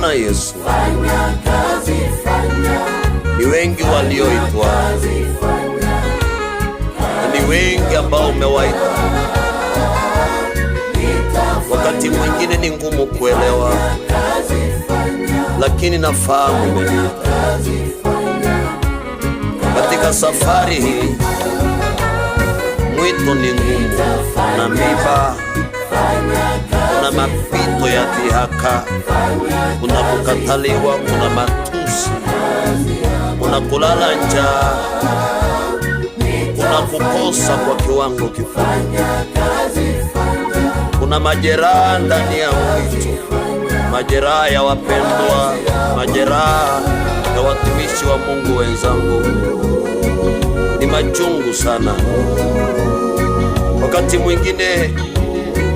Bwana Yesu. Ni wengi walioitwa, ni wengi ambao umewaita. Wakati mwingine ni ngumu kuelewa, lakini nafahamu umeniita katika safari hii. Mwito ni ngumu na miba kuna mapito ya dhihaka, kuna kukataliwa, kuna matusi, kuna kulala njaa, kuna kukosa kwa kiwango kikubwa, kuna majeraha ndani ya mwili, majeraha ya wapendwa, majeraha ya watumishi wa Mungu wenzangu, ni machungu sana wakati mwingine